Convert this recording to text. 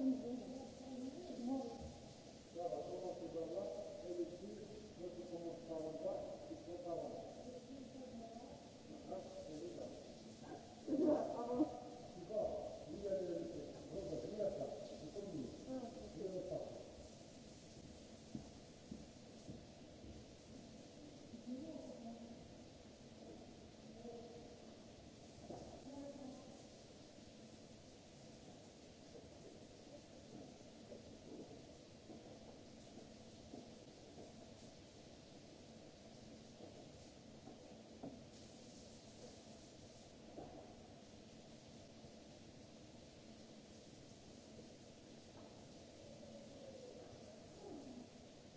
mm